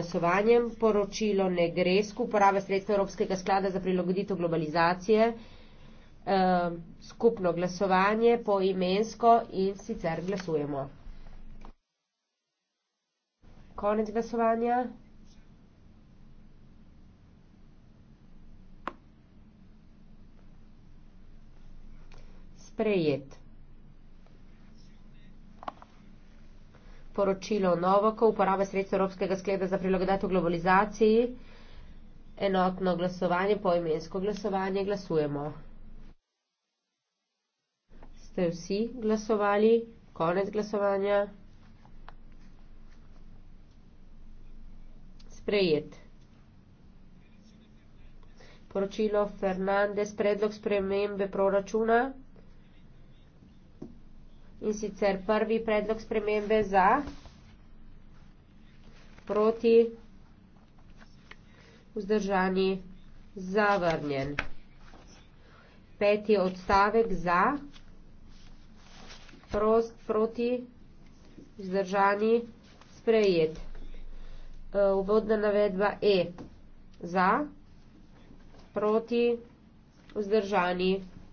glasovanjem. Poročilo ne gre skuporabe sredstva Evropskega sklada za prilagoditev globalizacije. Uh, skupno glasovanje po imensko in sicer glasujemo. Konec glasovanja. Sprejet. poročilo Novoko, uporaba sredstva Evropskega skleda za prilagoditev globalizaciji, enotno glasovanje, poimensko glasovanje, glasujemo. Ste vsi glasovali? Konec glasovanja. Sprejet. Poročilo Fernandez, predlog spremembe proračuna in sicer prvi predlog spremembe za, proti, vzdržani, zavrnjen. Peti odstavek za, prost, proti, vzdržani, sprejet. E, uvodna navedba E. Za, proti, vzdržani,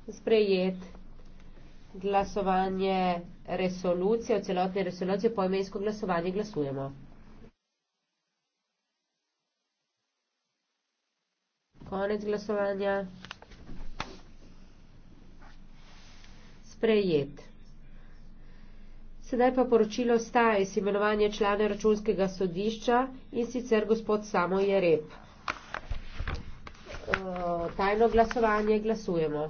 sprejet glasovanje resolucije, o celotne resolucije, poimensko glasovanje glasujemo. Konec glasovanja. Sprejet. Sedaj pa poročilo staje s imenovanje člane računskega sodišča in sicer gospod Samo Jereb. Tajno glasovanje glasujemo.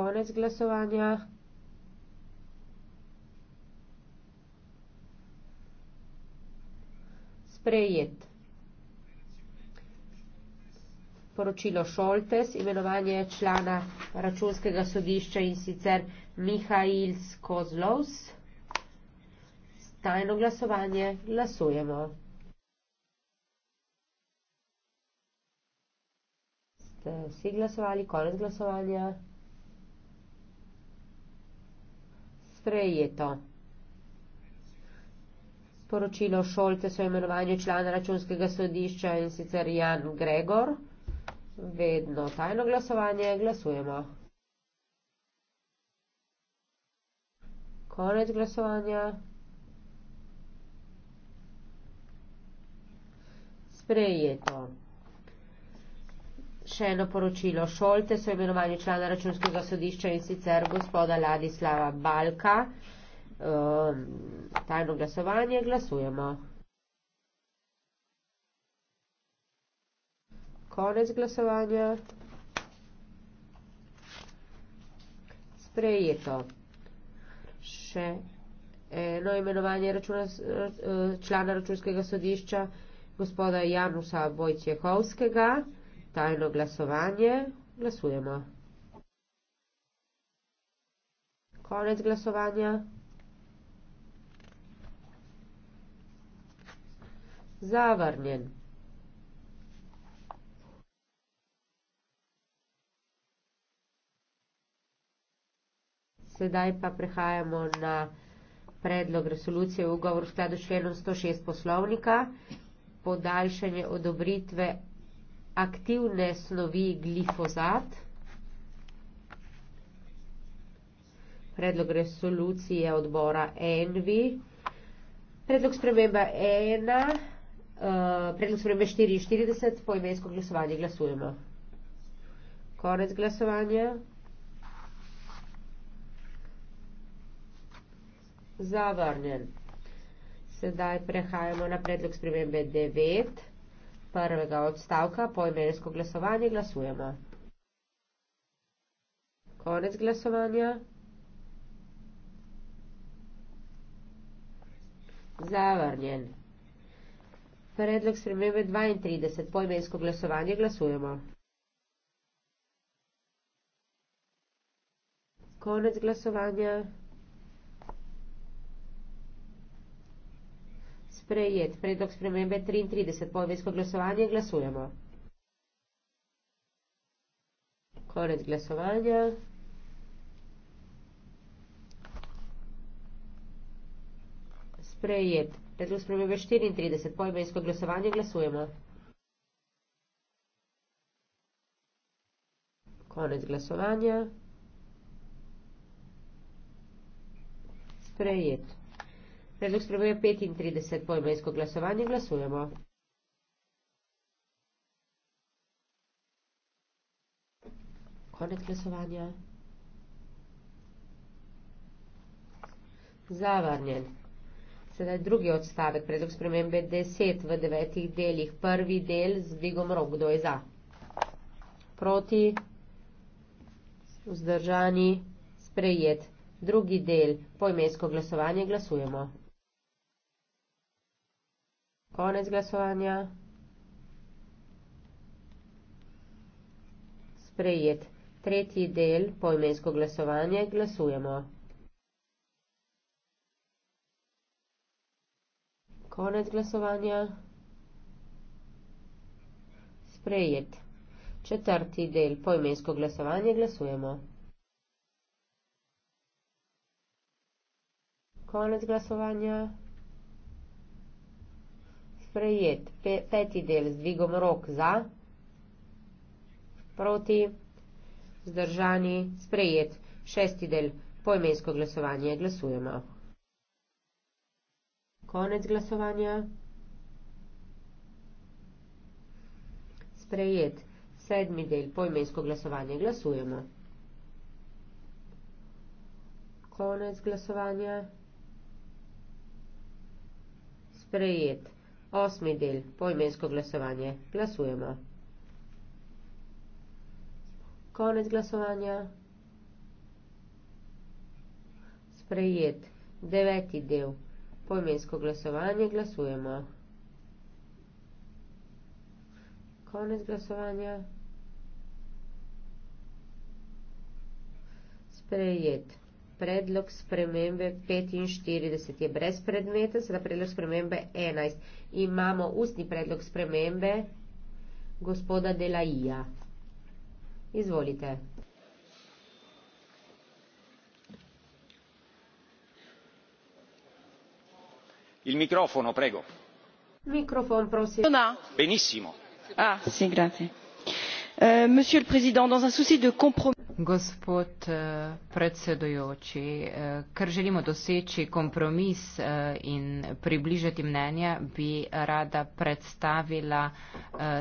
konec glasovanja. Sprejet. Poročilo Šoltes, imenovanje člana računskega sodišča in sicer Mihajl Skozlovs. Tajno glasovanje glasujemo. Ste vsi glasovali, konec glasovanja. sprejeto. Poročilo Šolce so imenovanje člana računskega sodišča in sicer Jan Gregor. Vedno tajno glasovanje glasujemo. Konec glasovanja. Sprejeto še eno poročilo. Šolte so imenovani člana računskega sodišča in sicer gospoda Ladislava Balka. Ehm, tajno glasovanje, glasujemo. Konec glasovanja. Sprejeto. Še eno imenovanje računa, eh, člana računskega sodišča gospoda Janusa Vojtjehovskega tajno glasovanje. Glasujemo. Konec glasovanja. Zavrnjen. Sedaj pa prehajamo na predlog resolucije v ugovor v skladu s členom 106 poslovnika, podaljšanje odobritve aktivne snovi glifozat. Predlog resolucije odbora ENVI. Predlog spremembe 1, eh, predlog spremembe 44, poimensko glasovanje glasujemo. Konec glasovanja. Zavrnjen. Sedaj prehajamo na predlog spremembe 9 prvega odstavka poimensko glasovanje glasujemo. Konec glasovanja. Zavrnjen. Predlog spremembe 32. Poimensko glasovanje glasujemo. Konec glasovanja. sprejet. Predlog spremembe 33. Povejsko glasovanje. Glasujemo. Konec glasovanja. Sprejet. Predlog spremembe 34. Povejsko glasovanje. Glasujemo. Konec glasovanja. Sprejet. Predlog sprejme 35 poimensko glasovanje. Glasujemo. Konec glasovanja. Zavrnjen. Sedaj drugi odstavek. Predlog spremembe 10 v devetih delih. Prvi del z dvigom rok. Kdo je za? Proti. Vzdržani. Sprejet. Drugi del. Pojmensko glasovanje. Glasujemo. Glasujemo. Konec glasovanja. Sprejet. Tretji del, poimensko glasovanje, glasujemo. Konec glasovanja. Sprejet. Četrti del, poimensko glasovanje, glasujemo. Konec glasovanja sprejet. Pe, peti del z dvigom rok za, proti, zdržani, sprejet. Šesti del poimensko glasovanje glasujemo. Konec glasovanja. Sprejet. Sedmi del poimensko glasovanje glasujemo. Konec glasovanja. Sprejet. Osmi del, poimensko glasovanje. Glasujemo. Konec glasovanja. Sprejet. Deveti del, poimensko glasovanje. Glasujemo. Konec glasovanja. Sprejet predlog spremembe 45 je brez predmeta, sedaj predlog spremembe 11. Imamo ustni predlog spremembe gospoda Delaija. Izvolite. Il microfono, prego. Mikrofon, prosim. Benissimo. Ah, si, grazie. Euh, monsieur le président dans un souci de compromis. gospod eh, predsedujoči eh, ker želimo doseči kompromis eh, in približati mnenja bi rada predstavila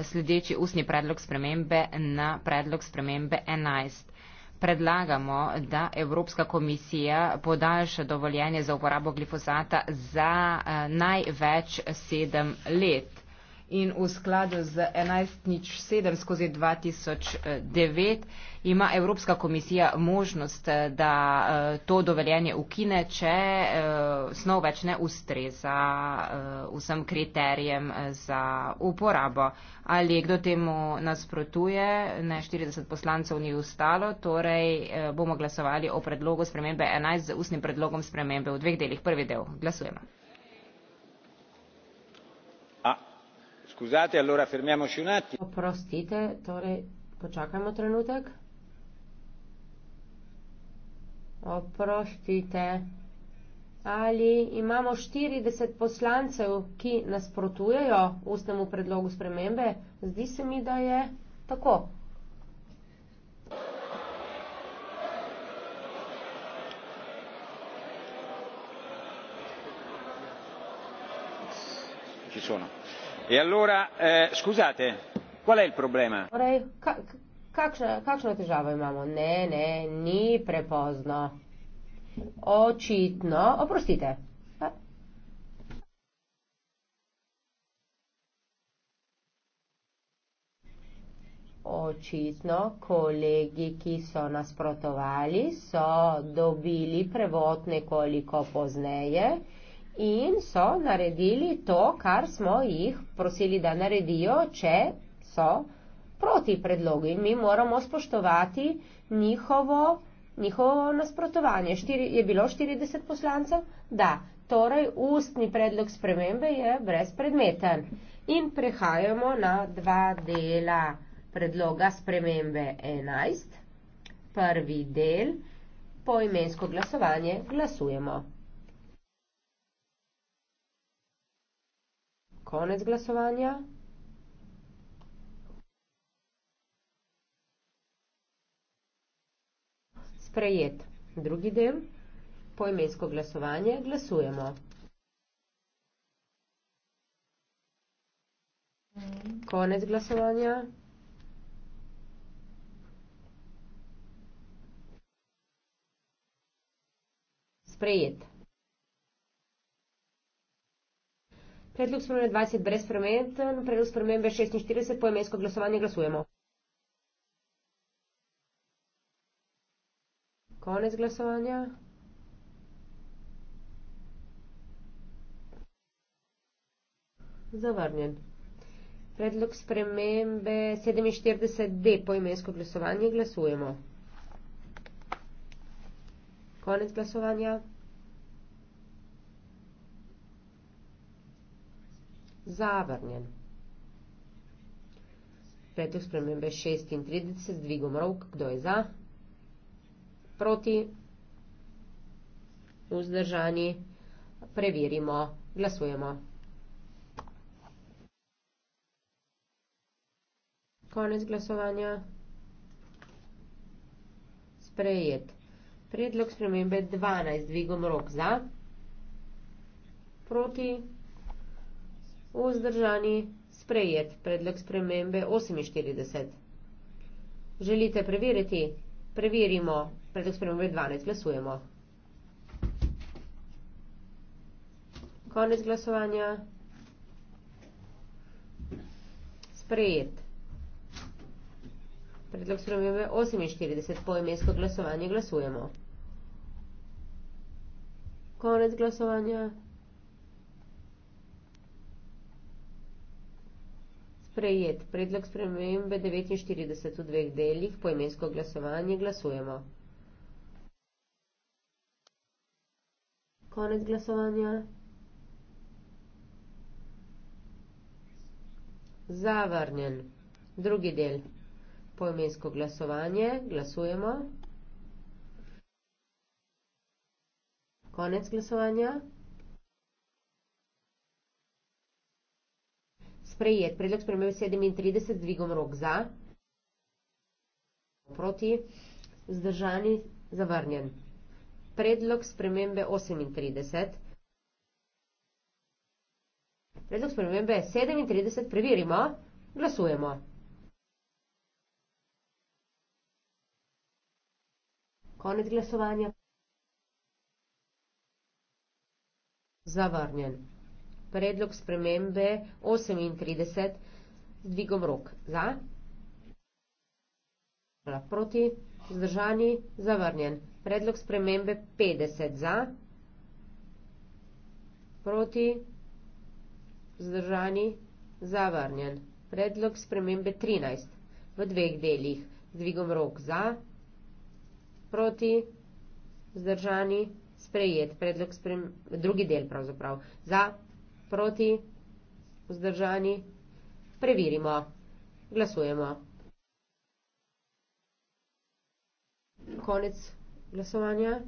sledeči ustni predlog spremembe na predlog spremembe enajst predlagamo da evropska komisija podaljša dovoljenje za uporabo glifosata za največ sedem let in v skladu z 11.07 skozi 2009 ima Evropska komisija možnost, da eh, to dovoljenje ukine, če eh, snov več ne ustreza eh, vsem kriterijem za uporabo. Ali kdo temu nasprotuje, ne 40 poslancev ni ustalo, torej bomo glasovali o predlogu spremembe 11 z ustnim predlogom spremembe v dveh delih. Prvi del glasujemo. Scusate, allora fermiamoci un attimo. Oprostite, torej počakajmo trenutek. Oprostite. Ali imamo 40 poslancev, ki nasprotujejo ustnemu predlogu spremembe? Zdi se mi, da je tako. Ci sono e allora eh, scusate qual è il problema? vorrei kakšno težavo imamo? ne ne ni prepozno očitno oprostite Očitno kolegi, ki so nasprotovali, so dobili prevod nekoliko pozneje in so naredili to, kar smo jih prosili, da naredijo, če so proti predlogi. Mi moramo spoštovati njihovo, njihovo nasprotovanje. Štiri, je bilo 40 poslancev? Da. Torej, ustni predlog spremembe je brezpredmeten. In prehajamo na dva dela predloga spremembe 11. Prvi del, poimensko glasovanje, glasujemo. Konec glasovanja. Sprejet. Drugi del. Poimensko glasovanje. Glasujemo. Konec glasovanja. Sprejet. predlog spremembe 20 brez sprememb, predlog spremembe 46 poemensko glasovanje glasujemo. Konec glasovanja. Zavrnjen. Predlog spremembe 47D poimensko glasovanje glasujemo. Konec glasovanja. zavrnjen. Predlog spremembe 36 z dvigom rok. Kdo je za? Proti? Vzdržani? Preverimo. Glasujemo. Konec glasovanja. Sprejet. Predlog spremembe 12 z dvigom rok za? Proti? Proti? vzdržani sprejet predlog spremembe 48. Želite preveriti? Preverimo predlog spremembe 12. Glasujemo. Konec glasovanja. Sprejet. Predlog spremembe 48. Poimensko glasovanje glasujemo. Konec glasovanja. sprejet. Predlog spremembe 49 v dveh delih, poimensko glasovanje, glasujemo. Konec glasovanja. Zavrnjen. Drugi del. Poimensko glasovanje, glasujemo. Konec glasovanja. sprejet. Predlog spremembe 37 z dvigom rok za, proti, zdržani, zavrnjen. Predlog spremembe 38. Predlog spremembe 37 preverimo, glasujemo. Konec glasovanja. Zavrnjen predlog spremembe 38 z dvigom rok za. Proti, zdržani, zavrnjen. Predlog spremembe 50 za. Proti, zdržani, zavrnjen. Predlog spremembe 13 v dveh delih z dvigom rok za. Proti, zdržani, sprejet. Predlog spremembe, drugi del pravzaprav, za proti, vzdržani, preverimo, glasujemo. Konec glasovanja.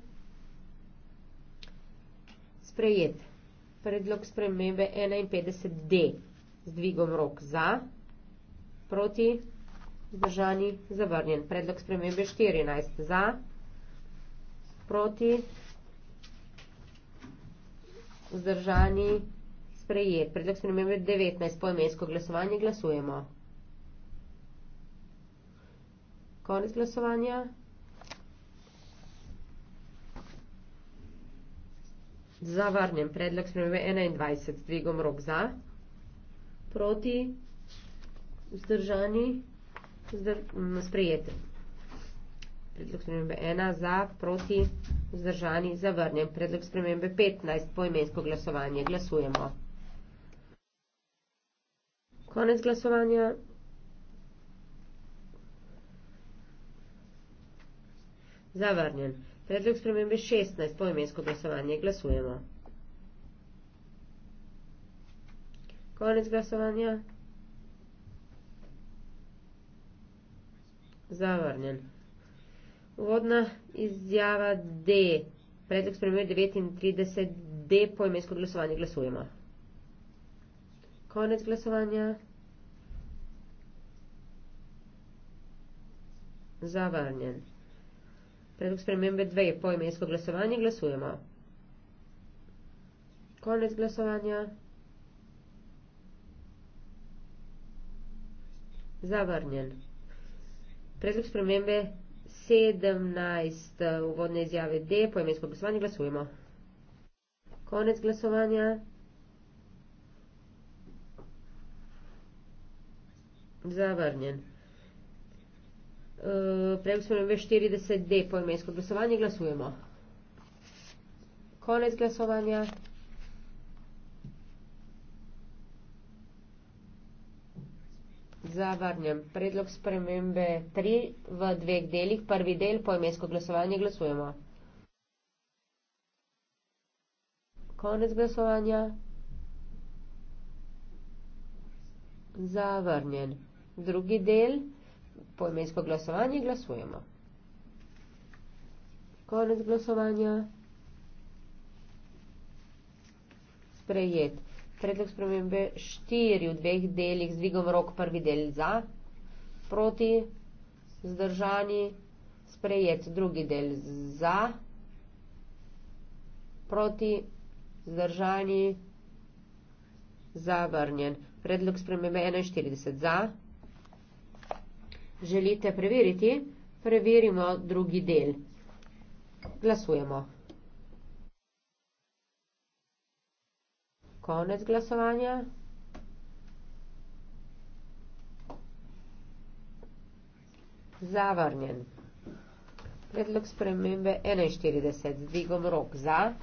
Sprejet. Predlog spremembe 51D. Z dvigom rok za, proti, vzdržani, zavrnjen. Predlog spremembe 14. Za, proti, vzdržani, zavrnjen sprejet. Predlog spremembe 19. Poimensko glasovanje glasujemo. Konec glasovanja. Zavrnjen predlog spremembe 21. Dvigom rok za. Proti. Vzdržani. Zdr mm, sprejet. Predlog spremembe 1. Za. Proti. Zdržani, zavrnjen. Predlog spremembe 15. Poimensko glasovanje. Glasujemo. Konec glasovanja. Zavrnjen. Predlog spremembe 16. Poimensko glasovanje. Glasujemo. Konec glasovanja. Zavrnjen. Uvodna izjava D. Predlog spremembe 39. D. Poimensko glasovanje. Glasujemo. Konec glasovanja. Zavrnjen. Predlog spremembe 2 je poimensko glasovanje. Glasujemo. Konec glasovanja. Zavrnjen. Predlog spremembe 17 uvodne izjave D poimensko glasovanje. Glasujemo. Konec glasovanja. Zavrnjen. Eh, Prej smo imeli 40 D poimensko glasovanje, glasujemo. Konec glasovanja. Zavrnjem. Predlog spremembe 3 v dveh delih. Prvi del poimensko glasovanje glasujemo. Konec glasovanja. Zavrnjen drugi del, poimensko glasovanje, glasujemo. Konec glasovanja. Sprejet. Predlog spremembe štiri v dveh delih, zdvigom rok prvi del za, proti, zdržani, sprejet drugi del za, proti, zdržani, zavrnjen. Predlog spremembe 41 za želite preveriti, preverimo drugi del. Glasujemo. Konec glasovanja. Zavrnjen. Predlog spremembe 41. Zdvigom rok za.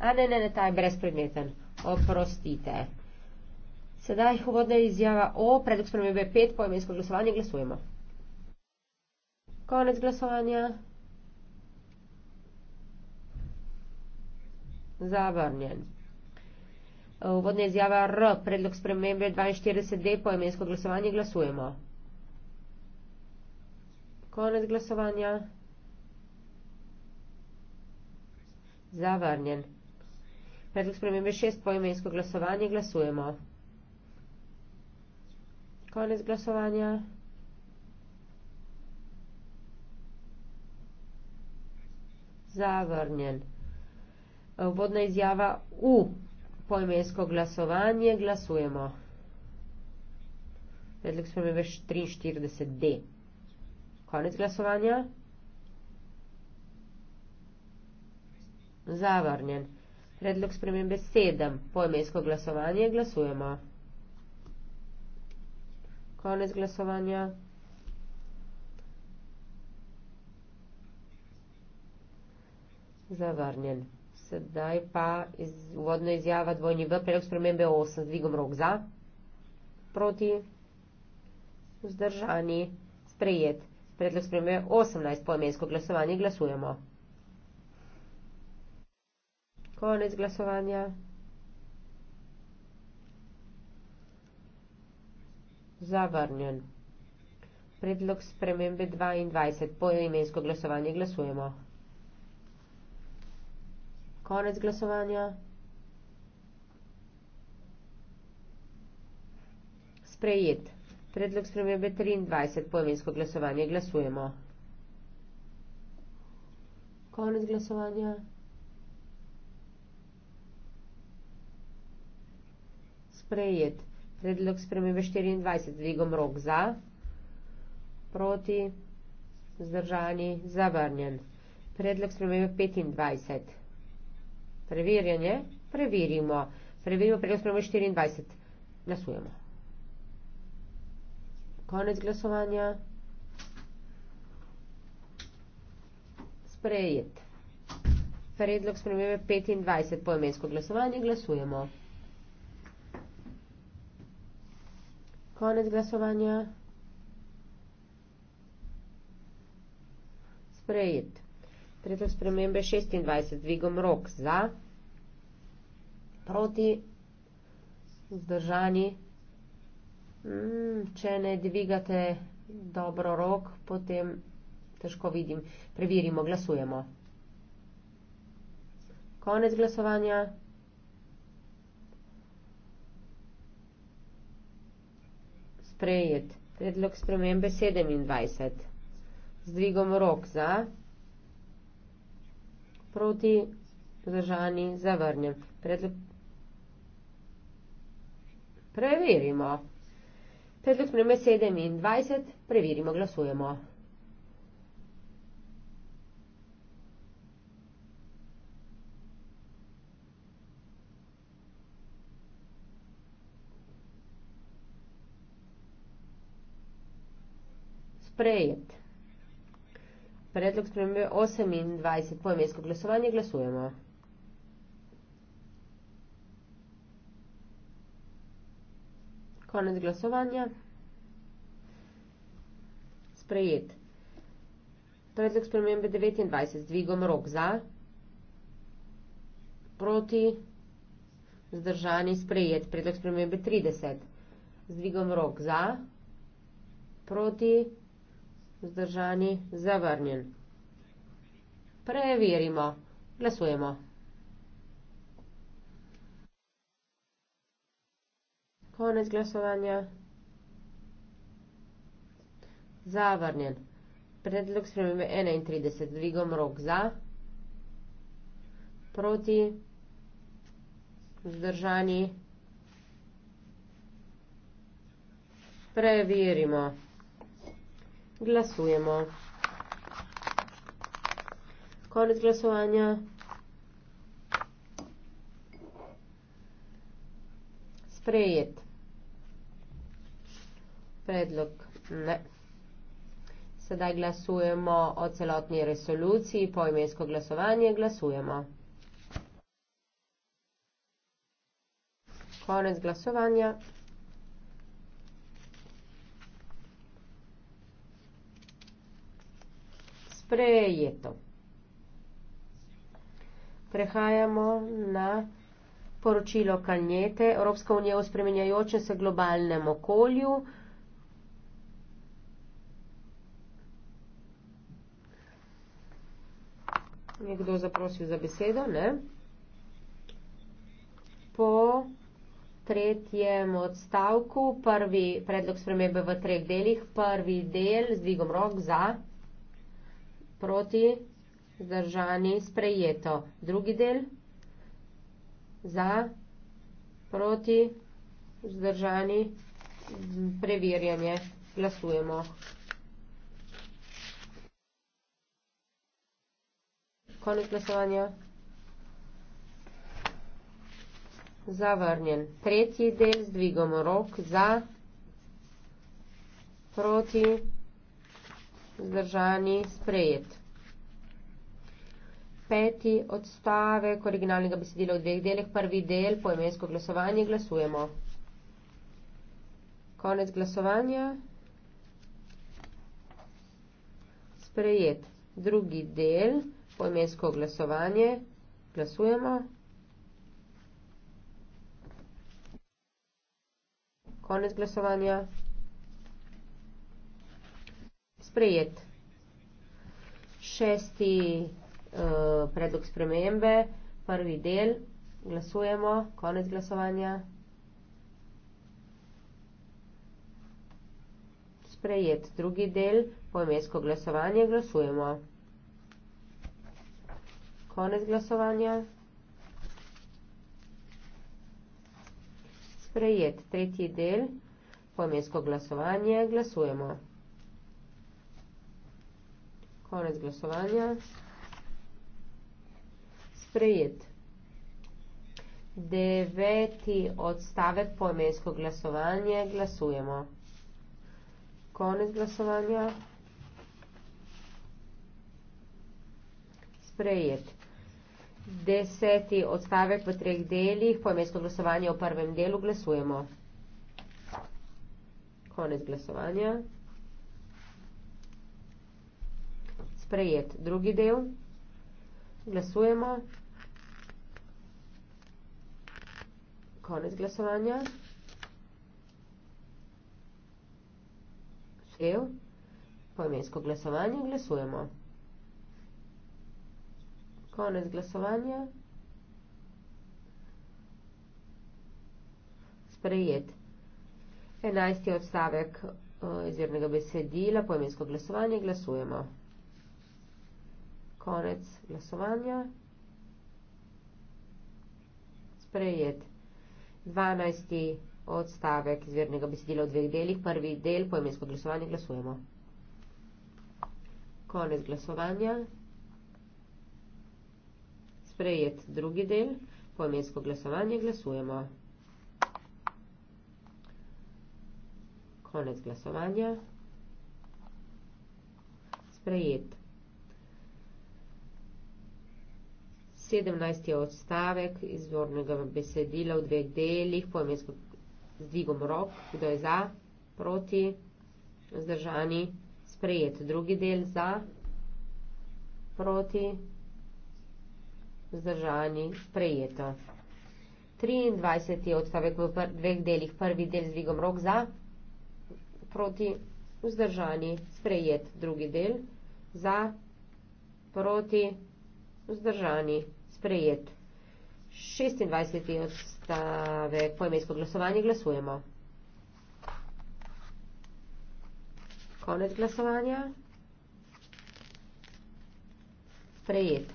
A ne, ne, ne, ta je brezpredmeten. Oprostite. Sedaj uvodna izjava o predlog spremembe 5 po imensko glasovanje. Glasujemo. Konec glasovanja. Zavrnjen. Uvodna izjava R. Predlog spremembe 42D po imensko glasovanje. Glasujemo. Konec glasovanja. Zavrnjen. Predlog spremembe 6 po imensko glasovanje. Glasujemo. Koniec głosowania. Zavrnjen. Uvodna izjava U. Poimensko glasovanje. Glasujemo. Predlog smo imeli 43D. Konec glasovanja. Zavrnjen. Predlog spremembe 7. Poimensko glasovanje. Glasujemo koniec głosowania. Zavrnjen. Sedaj pa iz uvodno izjava dvojni v predlog spremembe 8 z dvigom rok za, proti, vzdržani, sprejet. Predlog spremembe 18 po imensko glasovanje glasujemo. Konec glasovanja. Zavrnjen. Predlog spremembe 22. Poimensko glasovanje glasujemo. Konec glasovanja. Sprejet. Predlog spremembe 23. Poimensko glasovanje glasujemo. Konec glasovanja. Sprejet predlog spremembe 24. Dvigom rok za, proti, zdržani, zavrnjen. Predlog spremembe 25. Preverjanje. Preverimo. Preverimo predlog spremembe 24. Glasujemo. Konec glasovanja. Sprejet. Predlog spremembe 25. Poimensko glasovanje. Glasujemo. Koniec glasovanja. Sprejet. Tretja spremembe 26. Dvigom rok za. Proti. Zdržani. Mm, če ne dvigate dobro rok, potem težko vidim. Preverimo, glasujemo. Konec glasovanja. sprejet. Predlog spremembe 27. Z dvigom rok za, proti zdržani zavrnjen. Predlog... Preverimo. Predlog spremembe 27. Preverimo, glasujemo. sprejet. Predlog spremembe 28 poemensko glasovanje glasujemo. Konec glasovanja. Sprejet. Predlog spremembe 29 z dvigom rok za. Proti. Zdržani sprejet. Predlog spremembe 30 z dvigom rok za. Proti. Zdržani, zavrnjen. Preverimo. Glasujemo. Konec glasovanja. Zavrnjen. Predlog spremembe 31. Dvigom rok za. Proti. Zdržani. Preverimo. Preverimo. Glasujemo. Konec glasovanja. Sprejet. Predlog ne. Sedaj glasujemo o celotni resoluciji, po imensko glasovanje glasujemo. Konec glasovanja. sprejeto. Prehajamo na poročilo Kanjete. Evropska unija v spremenjajočem se globalnem okolju. Nekdo zaprosil za besedo, ne? Po tretjem odstavku, prvi predlog spremembe v treh delih, prvi del z dvigom rok za proti zdržani sprejeto. Drugi del za proti zdržani preverjanje glasujemo. Konec glasovanja. Zavrnjen. Tretji del z dvigom rok za proti zdržani sprejeto zdržani sprejet. Peti odstavek originalnega besedila v dveh delih, prvi del poemensko glasovanje, glasujemo. Konec glasovanja. Sprejet. Drugi del poemensko glasovanje, glasujemo. Konec glasovanja sprejet. Šesti eh, predlog spremembe, prvi del, glasujemo, konec glasovanja. Sprejet drugi del, poemesko glasovanje, glasujemo. Konec glasovanja. Sprejet tretji del, poemesko glasovanje, glasujemo konec glasovanja. Sprejet. Deveti odstavek poemensko glasovanje. Glasujemo. Konec glasovanja. Sprejet. Deseti odstavek v treh delih, poemensko glasovanje v prvem delu, glasujemo. Konec glasovanja. sprejet. Drugi del. Glasujemo. Konec glasovanja. Del. Poimensko glasovanje. Glasujemo. Konec glasovanja. Sprejet. Enajsti odstavek eh, izvirnega besedila. Poimensko glasovanje. Glasujemo. Glasujemo konec glasovanja. Sprejet 12. odstavek izvirnega besedila v dveh delih. Prvi del poemensko glasovanje glasujemo. Konec glasovanja. Sprejet drugi del poemensko glasovanje glasujemo. Konec glasovanja. Sprejet 17. odstavek izvornega besedila v dveh delih, pojmensko z dvigom rok, kdo je za, proti, vzdržani, sprejet. Drugi del za, proti, vzdržani, sprejeto. 23. odstavek v dveh delih, prvi del z dvigom rok za, proti, vzdržani, sprejet. Drugi del za, proti, vzdržani, sprejeto sprejet. 26. odstavek poimensko glasovanje glasujemo. Konec glasovanja. Sprejet.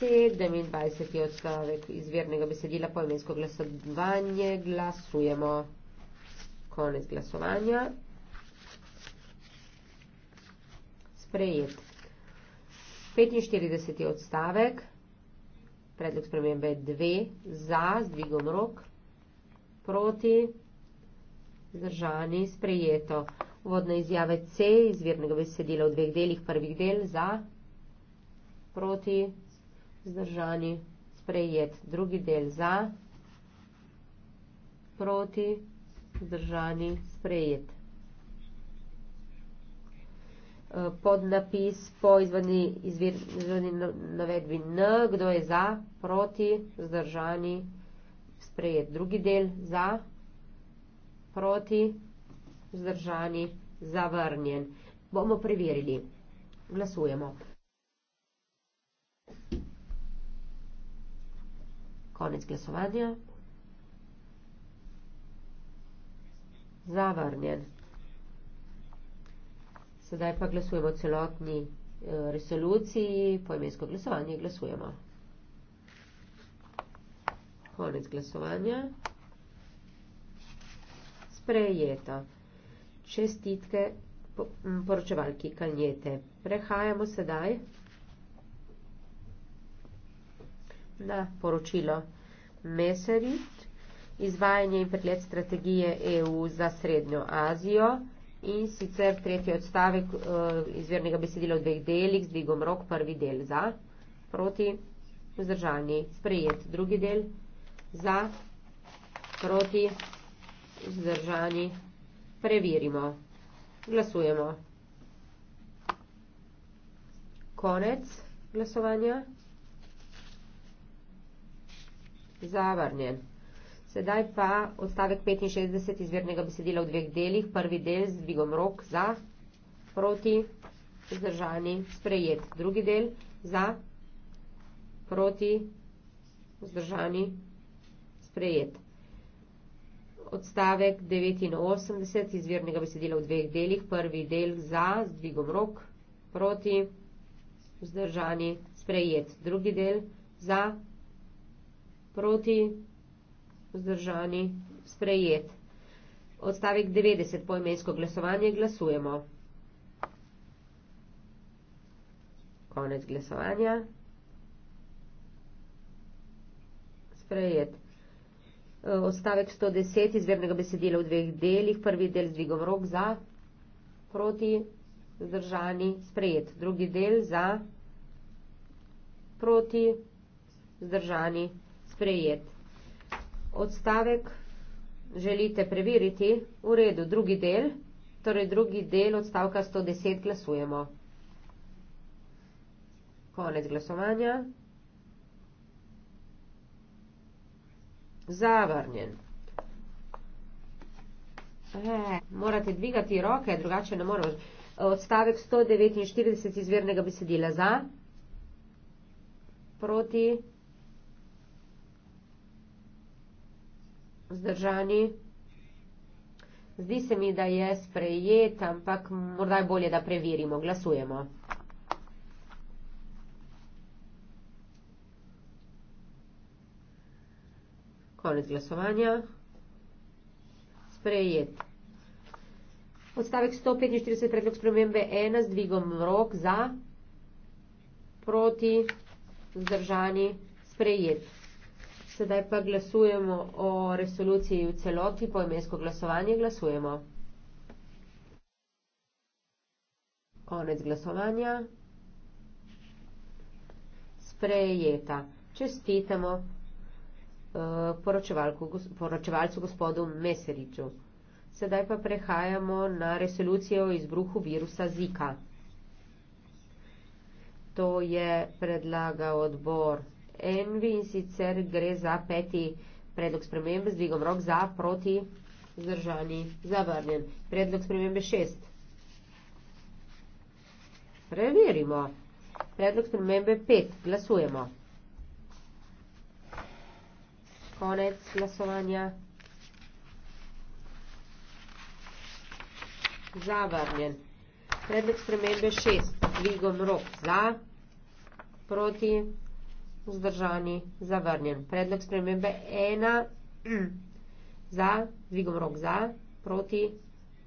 27. odstavek izvirnega besedila poimensko glasovanje glasujemo. Konec glasovanja. Sprejet. 45. odstavek predlog spremembe dve za, zdvigom rok, proti, zdržani, sprejeto. Vodne izjave C, izvirnega besedila v dveh delih, prvih del, za, proti, zdržani, sprejet, drugi del, za, proti, zdržani, sprejet podnapis po izvedni, izvir, izvedni no, navedbi N, kdo je za, proti, zdržani, sprejet. Drugi del za, proti, zdržani, zavrnjen. Bomo preverili. Glasujemo. Konec glasovanja. Zavrnjen. Sedaj pa glasujemo o celotni eh, resoluciji, poimensko glasovanje glasujemo. Konec glasovanja. Sprejeto. Čestitke poročevalki Kaljete. Prehajamo sedaj na poročilo Meserit, izvajanje in pregled strategije EU za Srednjo Azijo in sicer tretji odstavek eh, izvirnega besedila v dveh delih, z dvigom rok, prvi del za, proti, vzdržani, sprejet, drugi del za, proti, vzdržani, preverimo, glasujemo. Konec glasovanja. Zavrnjen. Sedaj pa odstavek 65 izvirnega besedila v dveh delih. Prvi del z dvigom rok za, proti, vzdržani, sprejet. Drugi del za, proti, vzdržani, sprejet. Odstavek 89 izvirnega besedila v dveh delih. Prvi del za, z dvigom rok, proti, vzdržani, sprejet. Drugi del za, proti, vzdržani, sprejet vzdržani, sprejet. Odstavek 90, poimensko glasovanje, glasujemo. Konec glasovanja. Sprejet. E, odstavek 110, izvernega besedila v dveh delih, prvi del z dvigom rok za, proti, vzdržani, sprejet. Drugi del za, proti, vzdržani, sprejet odstavek želite preveriti, v redu, drugi del, torej drugi del odstavka 110 glasujemo. Konec glasovanja. Zavrnjen. E, morate dvigati roke, drugače ne moremo. Odstavek 149 izvirnega besedila za, proti, vzdržani. Zdi se mi, da je sprejet, ampak morda je bolje, da preverimo. Glasujemo. Konec glasovanja. Sprejet. Odstavek 145 predlog spremembe 1 z dvigom rok za, proti, zdržani, sprejet. Sedaj pa glasujemo o resoluciji v celoti, po imensko glasovanje glasujemo. Konec glasovanja. Sprejeta. Čestitamo uh, poročevalku, gos, poročevalcu gospodu Meseriču. Sedaj pa prehajamo na resolucijo o izbruhu virusa Zika. To je predlagal odbor Envi in sicer gre za peti predlog spremembe z dvigom rok za, proti, zdržani, zavrnjen. Predlog spremembe šest. Preverimo. Predlog spremembe pet. Glasujemo. Konec glasovanja. Zavrnjen. Predlog spremembe šest. Dvigom rok za, proti, zdržani vzdržani, zavrnjen. Predlog spremembe ena, za, dvigom rok za, proti,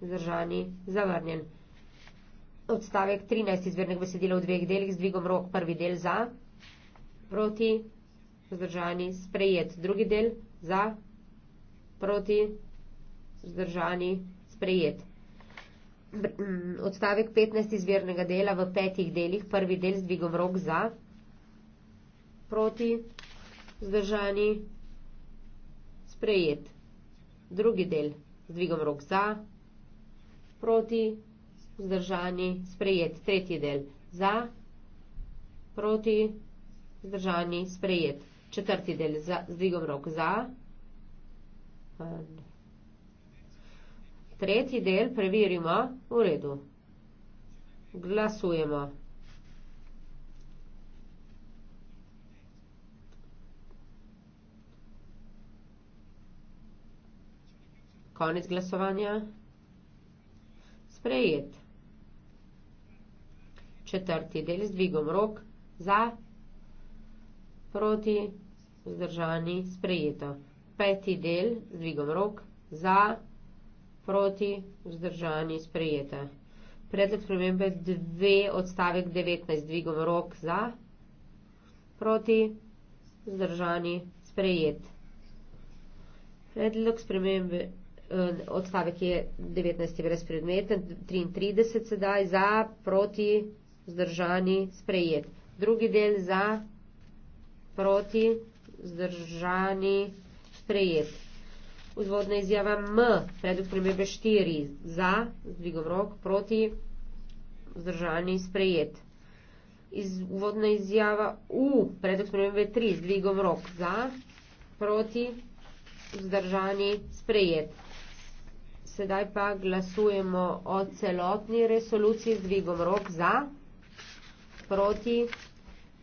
vzdržani, zavrnjen. Odstavek 13 izvernega besedila v dveh delih z dvigom rok prvi del za, proti, vzdržani, sprejet. Drugi del za, proti, vzdržani, sprejet. Odstavek 15 izvernega dela v petih delih, prvi del z dvigom rok za, proti, zdržani, sprejet. Drugi del, dvigom rok za, proti, zdržani, sprejet. Tretji del, za, proti, zdržani, sprejet. Četrti del, za, zdvigom rok za, tretji del, preverimo, v redu, glasujemo. Konec glasovanja. Sprejet. Četrti del z dvigom rok. Za. Proti. Zdržani. Sprejeto. Peti del z dvigom rok. Za. Proti. Zdržani. Sprejeto. Predlog spremembe 2 odstavek 19 z dvigom rok. Za. Proti. Zdržani. Sprejet. Predlog spremembe 2. Eh, odstavek je 19 brezpredmeten, 33 sedaj za, proti, zdržani, sprejet. Drugi del za, proti, zdržani, sprejet. Vzvodna izjava M, predlog primerbe 4, za, zdvigom rok, proti, zdržani, sprejet. Vzvodna izjava U, predlog primerbe 3, zdvigom rok, za, proti, zdržani, sprejet sedaj pa glasujemo o celotni resoluciji z dvigom rok za, proti,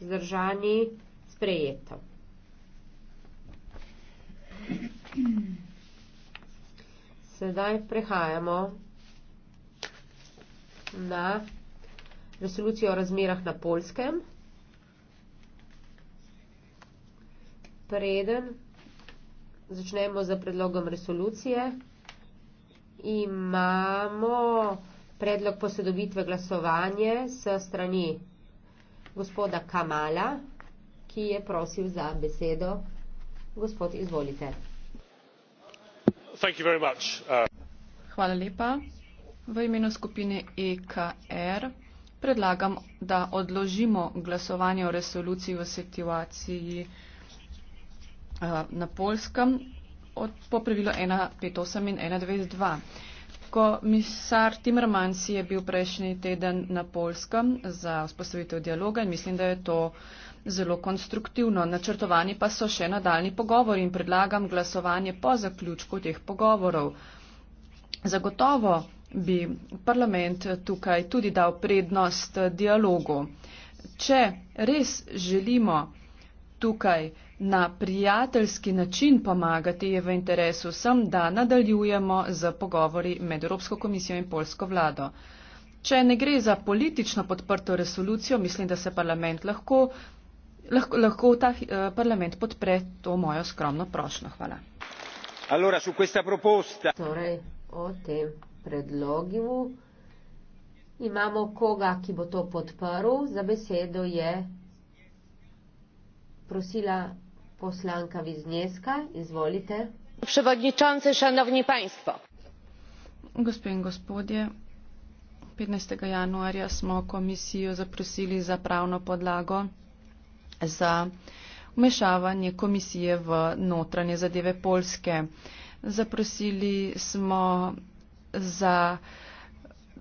zdržani, sprejeto. Sedaj prehajamo na resolucijo o razmerah na polskem. Preden začnemo za predlogom resolucije, imamo predlog posodobitve glasovanje s strani gospoda Kamala, ki je prosil za besedo. Gospod, izvolite. Thank you very much. Uh... Hvala lepa. V imenu skupine EKR predlagam, da odložimo glasovanje o resoluciji v situaciji uh, na Polskem, od, po pravilu 158 in 192. Komisar Timmermans je bil prejšnji teden na Polskem za vzpostavitev dialoga in mislim, da je to zelo konstruktivno. Načrtovani pa so še nadaljni pogovori in predlagam glasovanje po zaključku teh pogovorov. Zagotovo bi parlament tukaj tudi dal prednost dialogu. Če res želimo tukaj na prijateljski način pomagati je v interesu vsem, da nadaljujemo z pogovori med Evropsko komisijo in polsko vlado. Če ne gre za politično podprto resolucijo, mislim, da se parlament lahko, lahko, lahko ta eh, parlament podpre to mojo skromno prošlo. Hvala. Allora, proposta... Torej, o tem predlogu imamo koga, ki bo to podprl. Za besedo je prosila poslanka Vizneska, izvolite. Przewodniczący, szanowni państwo. Gospodin gospodje, 15. januarja smo komisijo zaprosili za pravno podlago za vmešavanje komisije v notranje zadeve Polske. Zaprosili smo za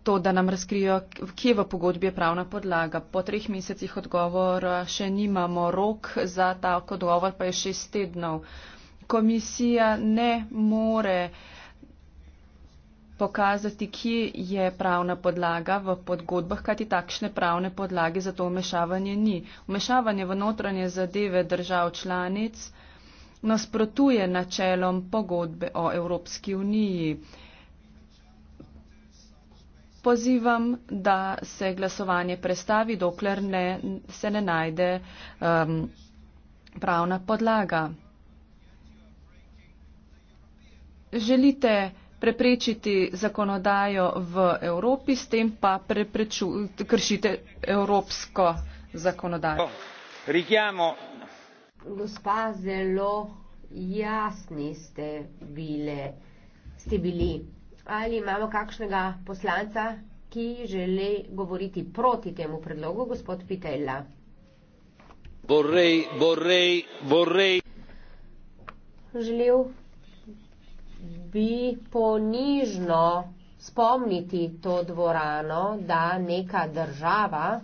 to, da nam razkrijo, kje v pogodbi je pravna podlaga. Po treh mesecih odgovora še nimamo rok za ta odgovor, pa je šest tednov. Komisija ne more pokazati, kje je pravna podlaga v podgodbah, kajti takšne pravne podlage za to umešavanje ni. Umešavanje v notranje zadeve držav članic nasprotuje načelom pogodbe o Evropski uniji pozivam, da se glasovanje prestavi, dokler ne, se ne najde um, pravna podlaga. Želite preprečiti zakonodajo v Evropi, s tem pa prepreču, kršite evropsko zakonodajo. Rikjamo. Gospa, zelo jasni ste bili, ste bili ali imamo kakšnega poslanca, ki želi govoriti proti temu predlogu, gospod Pitella. Vorrei, vorrei, vorrei. Želel bi ponižno spomniti to dvorano, da neka država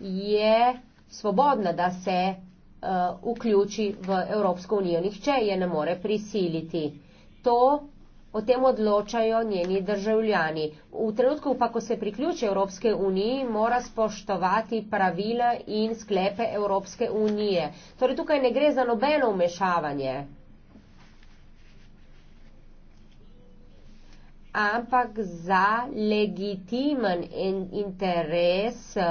je svobodna, da se uh, vključi v Evropsko unijo. Nihče je ne more prisiliti. To o tem odločajo njeni državljani. V trenutku pa, ko se priključi Evropske unije, mora spoštovati pravila in sklepe Evropske unije. Torej tukaj ne gre za nobeno umešavanje. ampak za legitimen interes uh,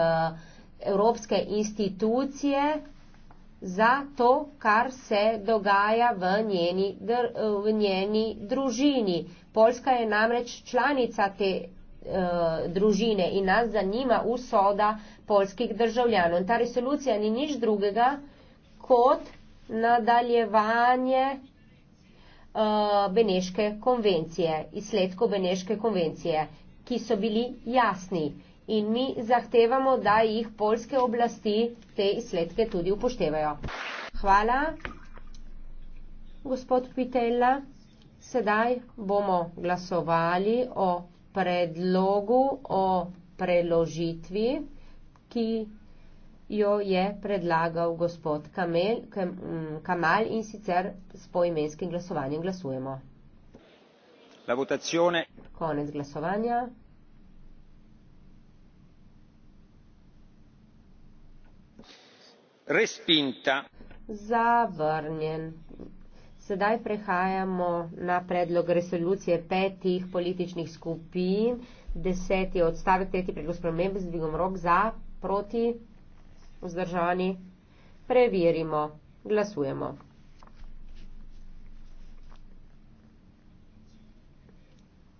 evropske institucije, za to, kar se dogaja v njeni, dr, v njeni družini. Poljska je namreč članica te eh, družine in nas zanima usoda polskih državljanov. Ta resolucija ni nič drugega kot nadaljevanje uh, Beneške konvencije, izsledkov Beneške konvencije, ki so bili jasni in mi zahtevamo, da jih polske oblasti te izsledke tudi upoštevajo. Hvala, gospod Pitella. Sedaj bomo glasovali o predlogu o preložitvi, ki jo je predlagal gospod Kamel, Kamal in sicer s poimenskim glasovanjem glasujemo. La Konec glasovanja. Respinta. Zavrnjen. Sedaj prehajamo na predlog resolucije petih političnih skupin, deseti odstavek, peti predlog spremembe z dvigom rok za, proti, vzdržani. Preverimo, glasujemo.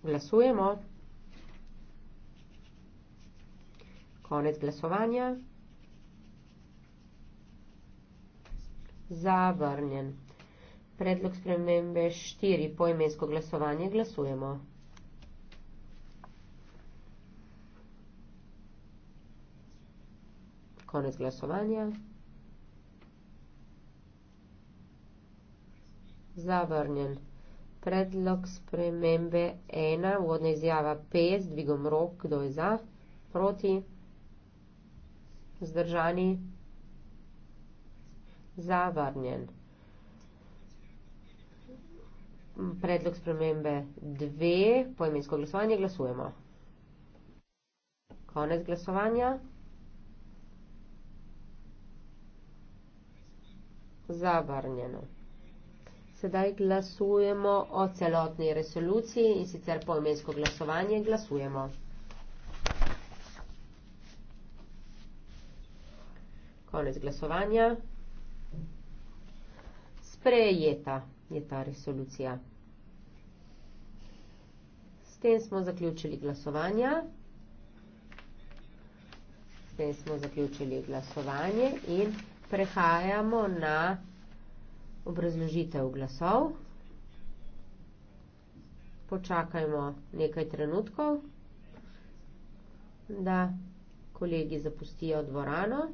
Glasujemo. Konec glasovanja. Zavrnjen. Predlog spremembe štiri poimensko glasovanje glasujemo. Konec glasovanja. Zavrnjen. Predlog spremembe ena, vodna izjava pes, dvigom rok, kdo je za, proti, zdržani, zdržani zavrnjen. Predlog spremembe dve, poimensko glasovanje, glasujemo. Konec glasovanja. Zavrnjeno. Sedaj glasujemo o celotni resoluciji in sicer poimensko glasovanje, glasujemo. Konec glasovanja sprejeta je ta resolucija. S tem smo zaključili glasovanja. S tem smo zaključili glasovanje in prehajamo na obrazložitev glasov. Počakajmo nekaj trenutkov, da kolegi zapustijo dvorano.